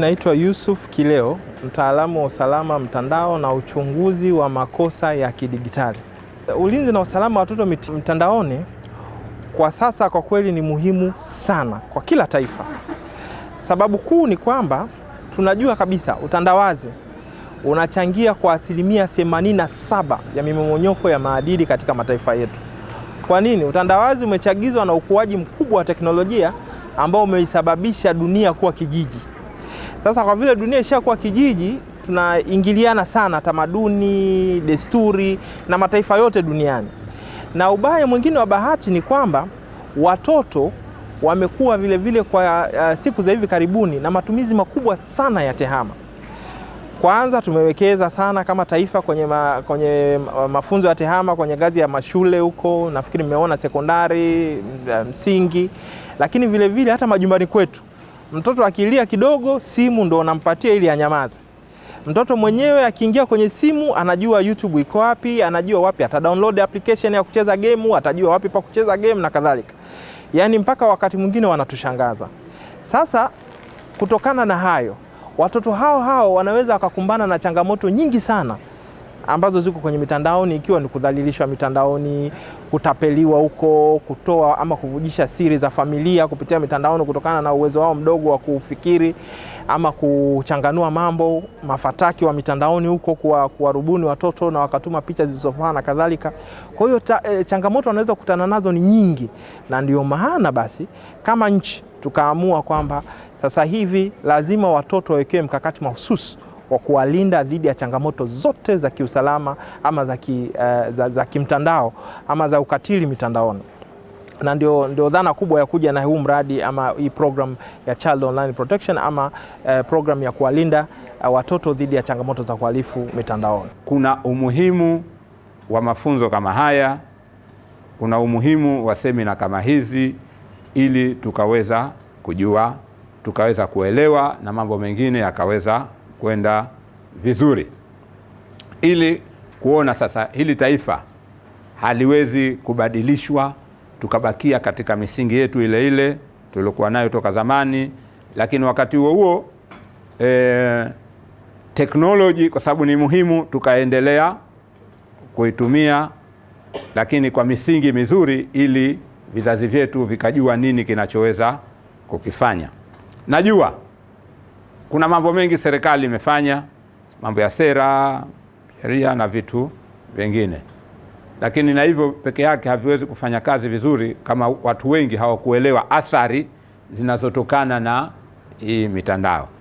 Naitwa Yusuf Kileo, mtaalamu wa usalama mtandao na uchunguzi wa makosa ya kidigitali. Ulinzi na usalama wa watoto mtandaoni kwa sasa kwa kweli ni muhimu sana kwa kila taifa. Sababu kuu ni kwamba tunajua kabisa utandawazi unachangia kwa asilimia 87 ya mimomonyoko ya maadili katika mataifa yetu. Kwa nini? Utandawazi umechagizwa na ukuaji mkubwa wa teknolojia ambao umeisababisha dunia kuwa kijiji. Sasa kwa vile dunia ishakuwa kijiji, tunaingiliana sana tamaduni, desturi na mataifa yote duniani, na ubaya mwingine wa bahati ni kwamba watoto wamekuwa vile vile kwa uh, siku za hivi karibuni na matumizi makubwa sana ya tehama. Kwanza tumewekeza sana kama taifa kwenye, ma, kwenye mafunzo ya tehama kwenye ngazi ya mashule huko, nafikiri mmeona sekondari, msingi, lakini vile vile hata majumbani kwetu Mtoto akilia kidogo, simu ndo unampatia ili anyamaze. Mtoto mwenyewe akiingia kwenye simu, anajua YouTube iko wapi, anajua wapi ata download application ya kucheza game, atajua wapi pa kucheza game na kadhalika. Yaani mpaka wakati mwingine wanatushangaza. Sasa kutokana na hayo, watoto hao hao wanaweza wakakumbana na changamoto nyingi sana ambazo ziko kwenye mitandaoni, ikiwa ni kudhalilishwa mitandaoni, kutapeliwa huko, kutoa ama kuvujisha siri za familia kupitia mitandaoni kutokana na uwezo wao mdogo wa kufikiri ama kuchanganua mambo, mafataki wa mitandaoni huko kuwarubuni watoto na wakatuma picha zilizofaa na kadhalika. Kwa hiyo e, changamoto wanaweza kukutana nazo ni nyingi, na ndio maana basi kama nchi tukaamua kwamba sasa hivi lazima watoto wawekewe mkakati mahususi kwa kuwalinda dhidi ya changamoto zote za kiusalama ama za, ki, uh, za, za kimtandao ama za ukatili mitandaoni na ndio, ndio dhana kubwa ya kuja na huu mradi ama hii program ya Child Online Protection ama uh, program ya kuwalinda uh, watoto dhidi ya changamoto za kuhalifu mitandaoni. Kuna umuhimu wa mafunzo kama haya, kuna umuhimu wa semina kama hizi ili tukaweza kujua, tukaweza kuelewa na mambo mengine yakaweza kwenda vizuri, ili kuona sasa hili taifa haliwezi kubadilishwa tukabakia katika misingi yetu ile ile tuliokuwa nayo toka zamani, lakini wakati huo huo e, teknoloji kwa sababu ni muhimu, tukaendelea kuitumia lakini kwa misingi mizuri, ili vizazi vyetu vikajua nini kinachoweza kukifanya. Najua kuna mambo mengi serikali imefanya, mambo ya sera, sheria na vitu vingine, lakini na hivyo peke yake haviwezi kufanya kazi vizuri kama watu wengi hawakuelewa athari zinazotokana na hii mitandao.